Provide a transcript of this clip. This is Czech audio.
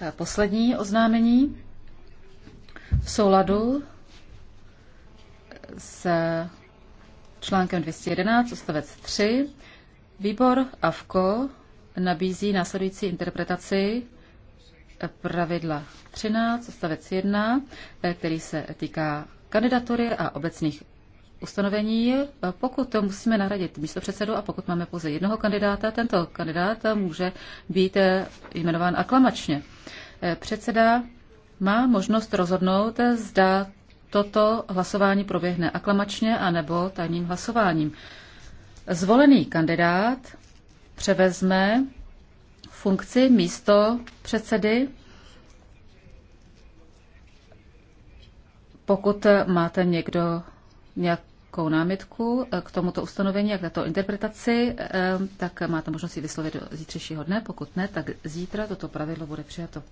Eh, poslední oznámení. V souladu s článkem 211 odstavec 3 výbor AVKO nabízí následující interpretaci pravidla 13 odstavec 1, eh, který se týká kandidatury a obecných ustanovení, eh, pokud to musíme nahradit předsedu a pokud máme pouze jednoho kandidáta, tento kandidát může být jmenován aklamačně. Eh, předseda má možnost rozhodnout, eh, zda toto hlasování proběhne aklamačně anebo tajným hlasováním. Zvolený kandidát převezme funkci místo předsedy, pokud máte někdo nějakou námitku eh, k tomuto ustanovení a k této interpretaci, tak máte možnost ji vyslovit do zítřejšího dne. Pokud ne, tak zítra toto pravidlo bude přijato.